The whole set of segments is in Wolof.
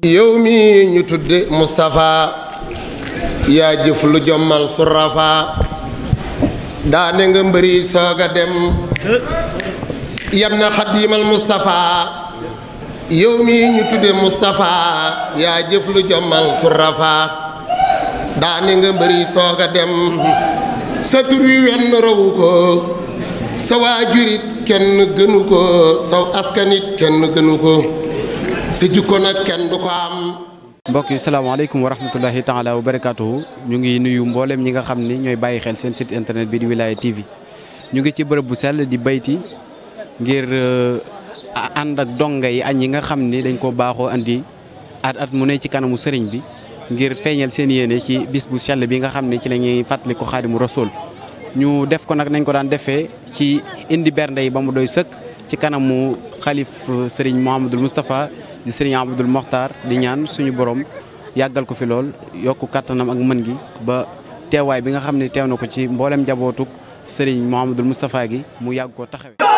yow mi ñu tudd Moustapha yaa jëf lu jommal surafa daane nga a dem yam na xadiimal yow mi ñu tudde yaa jëf jommal surafa daane nga mbëri soog a dem sa tur wi wenn rawu ko sa waajurit kenn gënu ko sa askanit kenn gënu ko sa jikko nag kenn du ko am. mbokk yi salaamaaleykum wa rahmatullahi taala wa barakaatuhu ñu ngi nuyu mboolem ñi nga xam ni ñooy bàyyi xel seen site internet bi di Wilaya TV ñu ngi ci bërëb bu sell di bayti ngir euh, ànd ak dong yi añ yi nga xam ni dañ koo baaxoo indi at at mu ne ci kanamu sëriñ bi ngir feeñal seen yéene ci bis bu sell bi nga xam ne ci la ñuy fàttali ko mu rasool ñu def ko nag nañ ko daan defee ci indi bernde yi ba mu doy sëkk ci kanamu xalif euh, sëriñ Mouhamadul di sëriñ Abdul Mokhtar di ñaan suñu borom yàggal ko fi lool yokk kattanam ak mën gi ba teewaay bi nga xam ne teew na ko ci mboolem njabootuk sëriñ Mouhamadul Moustapha gi mu yàgg ko taxawe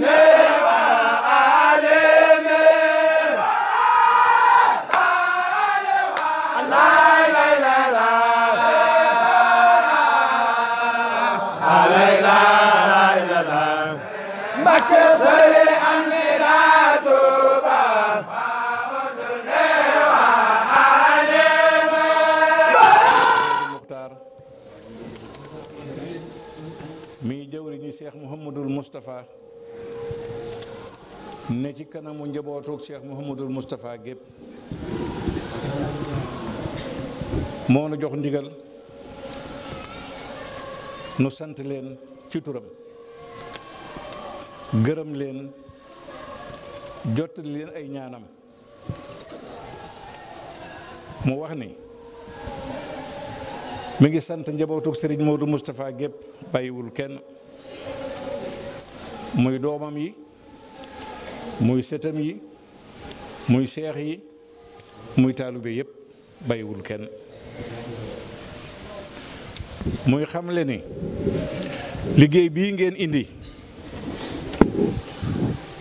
ne mi jëwriñu cheikh mouhamadul moustapha ne ci kanamu njabootuk cheikh mouhamadul mustafaa gépp moo jox ndigal nu sant leen ci turam gërëm leen jottali leen ay ñaanam mu wax ni mu ngi sant njabootuk Serigne du mustafaa gépp bàyyiwul kenn muy doomam yi muy sëtam yi muy seex yi muy taalibe yépp bàyyiwul kenn muy xamle ni liggéey bii ngeen indi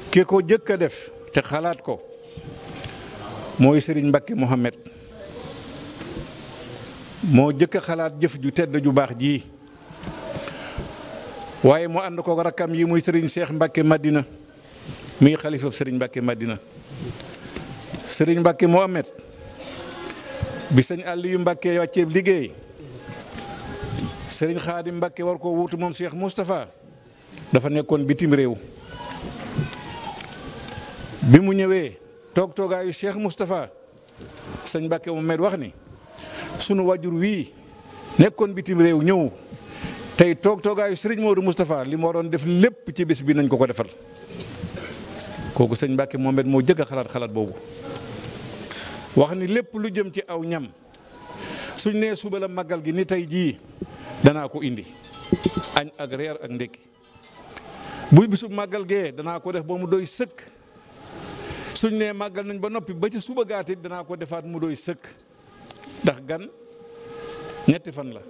ki ko jëkk def te xalaat ko mooy Serigne Mbakke Mohamed moo jëkk xalaat jëf ju tedd ju baax ji waaye mu ànd ko rakkam yi muy Serigne Cheikh Mbakke Madina muy xalifab Serigne Mbakke Madina sëriñ Mbakke Mohamed bi sëñ Aliou Mbakke wàccee liggéey sëriñ Xaadim Mbakke war koo wuutu moom Cheikh Moustapha dafa nekkoon bitim réew. bi mu ñëwee toog toogaayu Cheikh Moustapha sëñ Mbacke Mouhamed wax ni sunu wajur wii nekkoon bitim réew ñëw tey toog toogaayu Serigne Modou Moustapha li moo doon def lépp ci bis bi nañ ko ko defal kooku sëñ Mbacke Mouhamed moo jëkk xalaat xalaat boobu. wax ni lépp lu jëm ci aw ñam suñ nee suba màggal gi ni tey jii danaa ko indi añ ak reer ak ndékki bu bisub màggal gee danaa ko def ba mu doy sëkk. suñ nee màggal nañ ba noppi ba ci suba gaati danaa ko defaat mu doy sëkk ndax gan ñetti fan la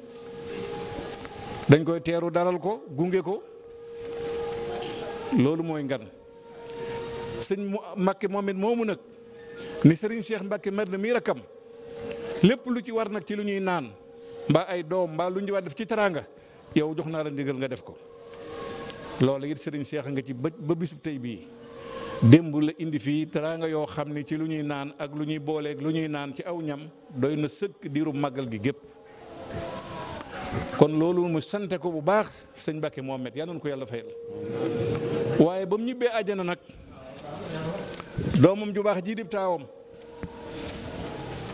dañ koy teeru daral ko gunge ko loolu mooy ngan sëñ Mbàkke moom it moomu nag ni sëriñ Cheikh Mbàkke mer na mii rakkam lépp lu ci war nag ci lu ñuy naan mbaa ay doom mbaa lu ñu war def ci teraanga yow jox naa la ndigal nga def ko loolu it sëriñ Cheikh nga ci ba bisub tey bii démb la indi fii teraanga yoo xam ni ci lu ñuy naan ak lu ñuy booleeg lu ñuy naan ci aw ñam doy na sëkk diiru màggal gi gépp kon loolu mu sante ko bu baax sëñ Mbacke Mohamed yaa noonu ko yàlla fayal waaye ba mu ñibbee àjjana nag doomam ju baax ji dib taawam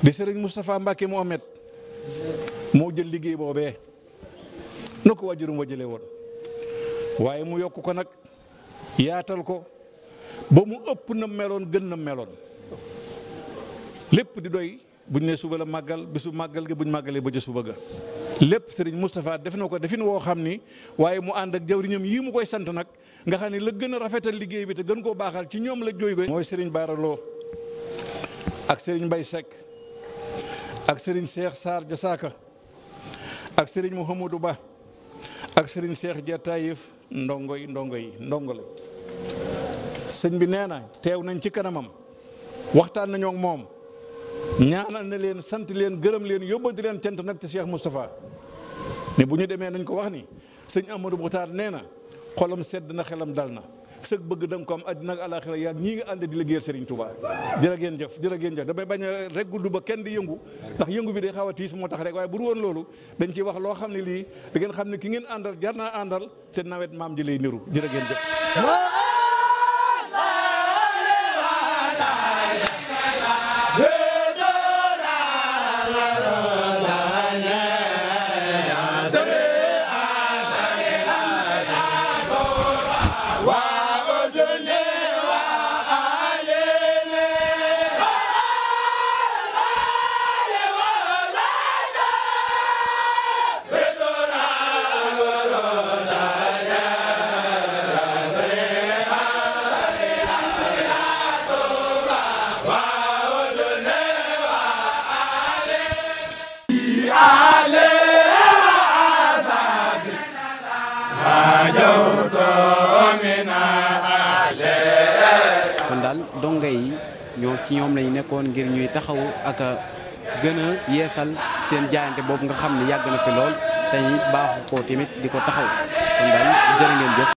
di sëriñ Moustapha Mbacke Mohamed moo jël liggéey boobee na ko waajurum wa jëlee woon waaye mu yokk ko nag yaatal ko. ba mu ëpp na meloon gën na meloon lépp di doy buñ ne suba la màggal bisu màggal gi bu màggalee ba ca suba ga. lépp Serigne Moustapha def na ko defin woo xam ni waaye mu ànd ak jawriñam yii mu koy sant nag nga xam ne la gën a rafetal liggéey bi te gën koo baaxal ci ñoom la jooy koy mooy Serigne Baraloo ak sëriñ Mbaye Seck ak sëriñ seex Sarr Jasaaka ak sëriñ mu Mouhamadou Ba ak sëriñ seex Dia Taïf ndongo yi ndongo yi ndongo la sëñ bi nee na teew nañ ci kanamam waxtaan nañoo ak moom ñaanal na leen sant leen gërëm leen yóbbal di leen cant nag te Cheikh Moustapha ne bu ñu demee nañ ko wax ni sëñ Amadou Boutar nee na xolam sedd na xelam dal na sëg bëgg da nga ko am àddina ak alaxira yaa ñii nga ànd di liggéeyal Serigne Touba jërë ngeen jëf jërë ngeen jëf damay bañ a rek gudd ba kenn di yëngu ndax yëngu bi day xaw a tiis moo tax rek waaye bu woon loolu dañ ciy wax loo xam ne lii da xam ne ki ngeen àndal jar naa àndal te nawet maam ji lay niru jërë ngeen jëf daal donga yi ñoom ci ñoom lañu nekkoon ngir ñuy taxaw ak a gën a yeesal seen jaayante boobu nga xam ni yàgg na fi lool te ñu baaxu ko tamit di ko taxaw kon daal jërë jëf